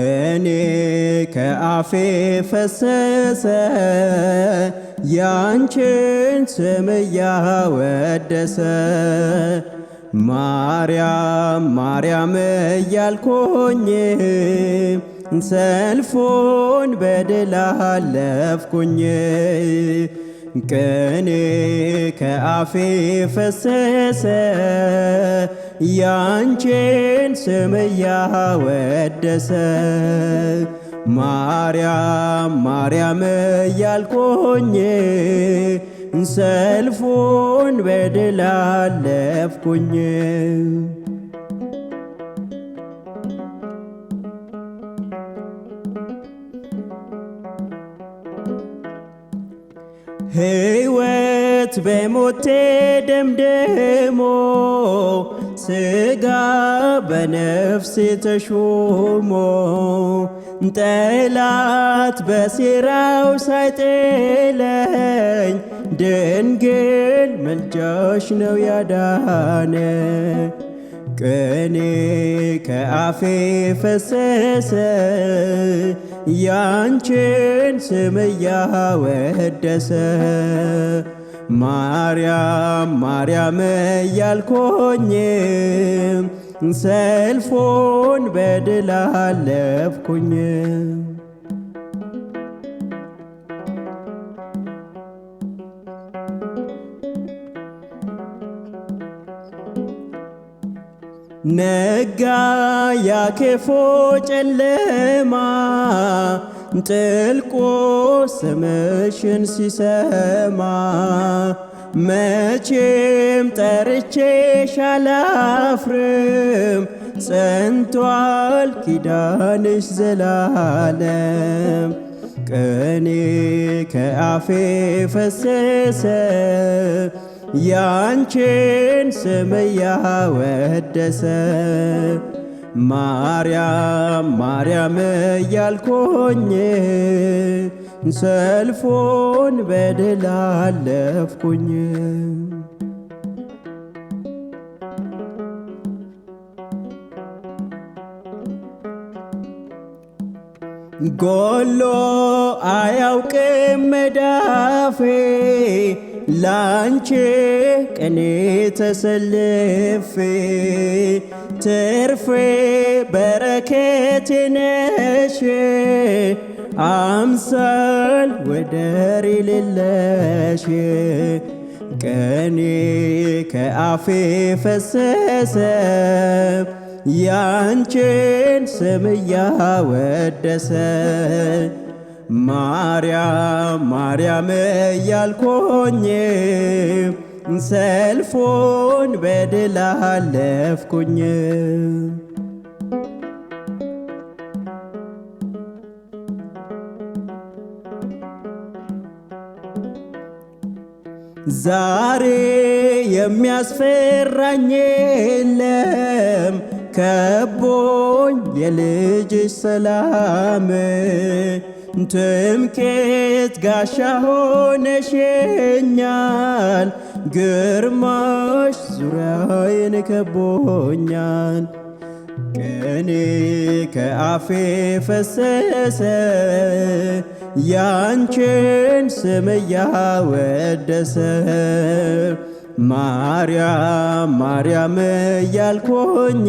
ቅኔ ከአፌ ፈሰሰ ያንቺን ስም እያወደሰ ማርያም ማርያም እያልኩኝ ሰልፉን በድል አለፍኩኝ። ቅኔ ከአፌ ፈሰሰ ያንቺን ስም እያወደሰ ማርያም ማርያም እያልኩኝ ሰልፉን በድል አለፍኩኝ። ሕይወት እውነት በሞቴ ደምደሞ ስጋ በነፍስ ተሾሞ ጠላት በሴራው ሳይጥለኝ ድንግል መልጃሽ ነው ያዳነ ቅኔ ከአፌ ፈሰሰ ያንቺን ስም ወደሰ ማርያም ማርያም እያልኩኝ ሰልፎን በድል አለፍኩኝ። ነጋ ያኬፎ ጨለማ ጥልቆ ስምሽን ሲሰማ መቼም ጠርቼሽ አላፍርም ጸንቷል ኪዳንሽ ዘላለም ቅኔ ከአፌ ፈሰሰ ያንቺን ስም ያወደሰ ማርያም ማርያም እያልኩኝ ሰልፎን በድል አለፍኩኝ። ጎሎ አያውቅም መዳፌ ላንቺ ቀኔ ተሰልፌ ትርፌ በረከቴ ነሽ አምሳል ወደር የሌለሽ ቀኔ ከአፌ ፈሰሰ ያንቺን ስም እያወደሰ ማርያም ማርያም እያልኩኝ ሰልፉን በድል አለፍኩኝ። ዛሬ የሚያስፈራኝ የለም ከቦኝ የልጅሽ ሰላም ትምክህት ጋሻ ሆነሽኛል፣ ግርማሽ ዙሪያዬን ከቦኛል። ቅኔ ከአፌ ፈሰሰ ያንቺን ስም እያወደሰ ማርያም ማርያም እያልኩኝ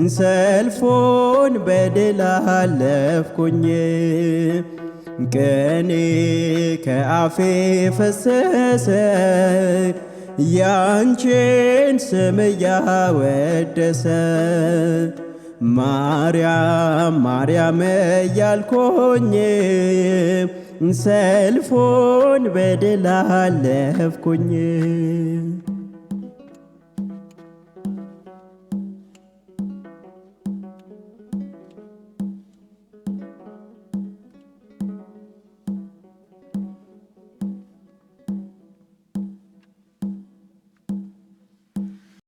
እንሰልፎን በድል አለፍኩኝ ቅኔ ከአፌ ፈሰሰ ያንቺን ስም ያወደሰ ማርያም ማርያም እያልኩኝ ሰልፎን በድል አለፍኩኝ።